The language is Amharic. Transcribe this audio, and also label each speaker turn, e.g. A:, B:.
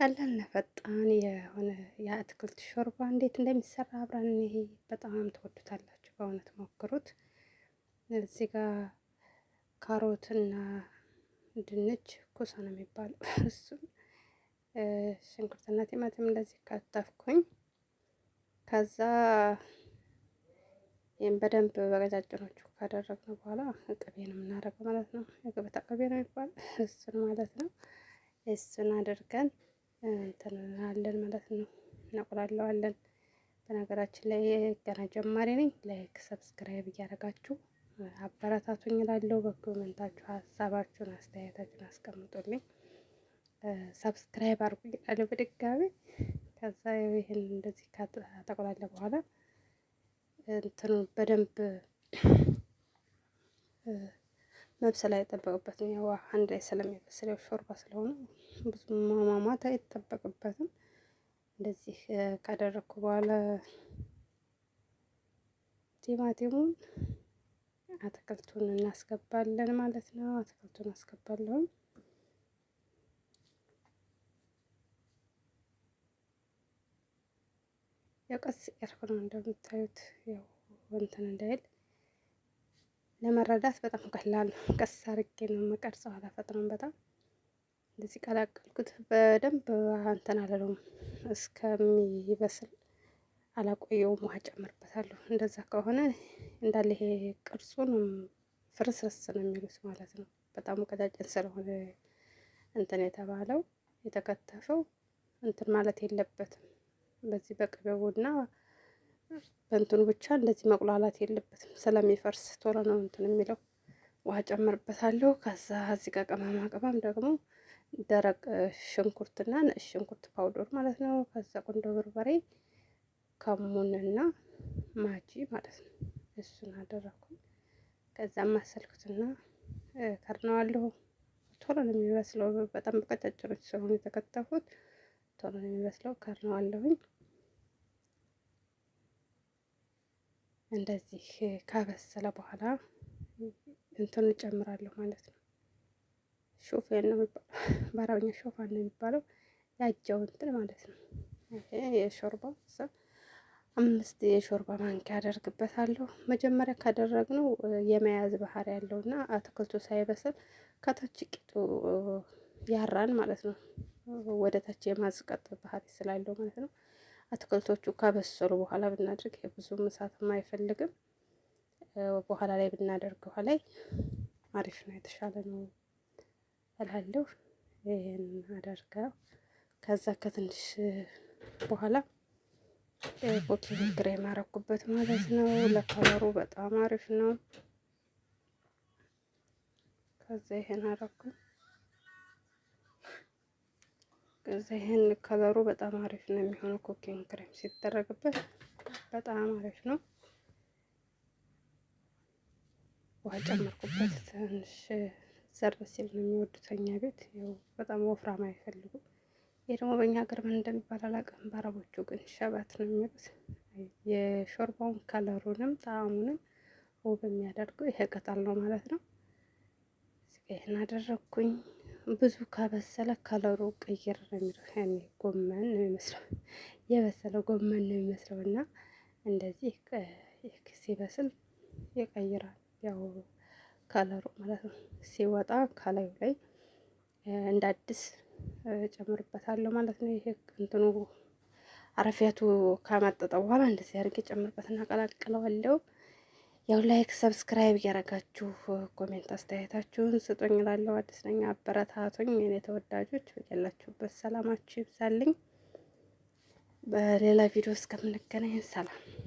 A: ቀላልና ፈጣን የሆነ የአትክልት ሾርባ እንዴት እንደሚሰራ አብረን ይሄ በጣም ትወዱታላችሁ። በእውነት ሞክሩት። እዚህ ጋር ካሮትና ድንች ኩሳ ነው የሚባለው እሱም ሽንኩርትና ቲማቲም እንደዚህ ከተፍኩኝ ከዛ ይህም በደንብ በቀጫጭኖቹ ካደረግነው በኋላ ቅቤ ነው የምናደርገው ማለት ነው። የገበታ ቅቤ ነው የሚባል እሱን ማለት ነው። እሱን አድርገን እንትን ማለት ነው፣ እናቁላለዋለን። በነገራችን ላይ ገና ጀማሪ ነኝ። ላይክ ሰብስክራይብ እያደረጋችሁ አበረታቱኝ እላለሁ። በኮመንታችሁ ሀሳባችሁን አስተያየታችሁን አስቀምጡልኝ። ሰብስክራይብ አድርጉኝ እላለሁ በድጋሚ። ከዛ ይህን እንደዚህ ከተቆላለ በኋላ እንትኑ በደንብ መብሰል አይጠበቅበትም። ያው አንድ ላይ ስለሚበስል ያው ሾርባ ስለሆነ ብዙ ማማማት አይጠበቅበትም። እንደዚህ ካደረግኩ በኋላ ቲማቲሙን አትክልቱን እናስገባለን ማለት ነው። አትክልቱን አስገባለሁ። ያው ቀስ ያልኩ ነው እንደምታዩት ያው እንትን እንዳይል ለመረዳት በጣም ቀላል ነው። ቀስ አድርጌ ነው የምቀርጸው፣ አላፈጥነም በጣም እንደዚህ ቀላቀልኩት። በደንብ እንትን አለለውም እስከሚበስል አላቆየውም። ውሃ ጨምርበታለሁ። እንደዛ ከሆነ እንዳለ ይሄ ቅርጹን ፍርስርስ ነው የሚሉት ማለት ነው። በጣም ቀጫጭን ስለሆነ እንትን የተባለው የተከተፈው እንትን ማለት የለበትም። በዚህ በቅቤውና በእንትኑ ብቻ እንደዚህ መቁላላት የለበትም ስለሚፈርስ ቶሎ ነው እንትን የሚለው። ውሃ ጨምርበታለሁ። ከዛ እዚህ ጋር ቅመማ ቅመም ደግሞ ደረቅ ሽንኩርትና ነጭ ሽንኩርት ፓውደር ማለት ነው። ከዛ ቁንዶ በርበሬ፣ ከሙንና ማጂ ማለት ነው። እሱን አደረኩኝ። ከዛ ማሰልኩትና ከድነዋለሁ። ቶሎ ነው የሚበስለው። በጣም በቀጫጭኖች ስለሆኑ የተከተፉት ቶሎ ነው የሚበስለው። ከድነዋለሁኝ እንደዚህ ካበሰለ በኋላ እንትን እጨምራለሁ ማለት ነው። ሾፌን ነው የሚባለው፣ በአረብኛ ሾፋን ነው የሚባለው። ያጀው እንትን ማለት ነው። የሾርባ አምስት የሾርባ ማንኪያ አደርግበታለሁ። መጀመሪያ ካደረግነው የመያዝ ባህር ያለውና አትክልቱ ሳይበስል ከታች ቂጡ ያራን ማለት ነው። ወደ ታች የማዝቀጥ ባህሪ ስላለው ማለት ነው። አትክልቶቹ ከበሰሉ በኋላ ብናደርግ የብዙም እሳትም አይፈልግም። በኋላ ላይ ብናደርግ ብናደርገው ላይ አሪፍ ነው፣ የተሻለ ነው እላለሁ። ይህን አደርገው ከዛ ከትንሽ በኋላ ኩኪንግ ክሬም አረኩበት ማለት ነው። ለከለሩ በጣም አሪፍ ነው። ከዛ ይሄን አረኩ። ይህን ከለሩ በጣም አሪፍ ነው የሚሆነው። ኩኪንግ ክሬም ሲደረግበት በጣም አሪፍ ነው። ውሃ ጨመርኩበት። ትንሽ ዘር ሲል ነው የሚወዱት እኛ ቤት በጣም ወፍራም አይፈልጉም። ይሄ ደግሞ በእኛ ሀገር ምን እንደሚባል አላውቅም። በአረቦቹ ግን ሸበት ነው የሚሉት። የሾርባውን ከለሩንም ጣዕሙንም ውብ የሚያደርገው ይሄ ቅጠል ነው ማለት ነው። ይህን አደረግኩኝ። ብዙ ከበሰለ ከለሩ ቀይር ነው የሚለው ጎመን ነው የሚመስለው የበሰለ ጎመን ነው የሚመስለው እና እንደዚህ ሲበስል ይቀይራል ያው ከለሩ ማለት ነው። ሲወጣ ከላዩ ላይ እንደ አዲስ ጨምርበታለሁ ማለት ነው። ይሄ እንትኑ አረፊያቱ ከመጠጠ በኋላ እንደዚህ አድርጌ ጨምርበትና ቀላቅለዋለሁ። ያው ላይክ ሰብስክራይብ ያረጋችሁ ኮሜንት አስተያየታችሁን ስጡኝ ላለው አዲስ ነኝ፣ አበረታቱኝ። እኔ ተወዳጆች ያላችሁበት ሰላማችሁ ይብዛልኝ። በሌላ ቪዲዮ እስከምንገናኝ ሰላም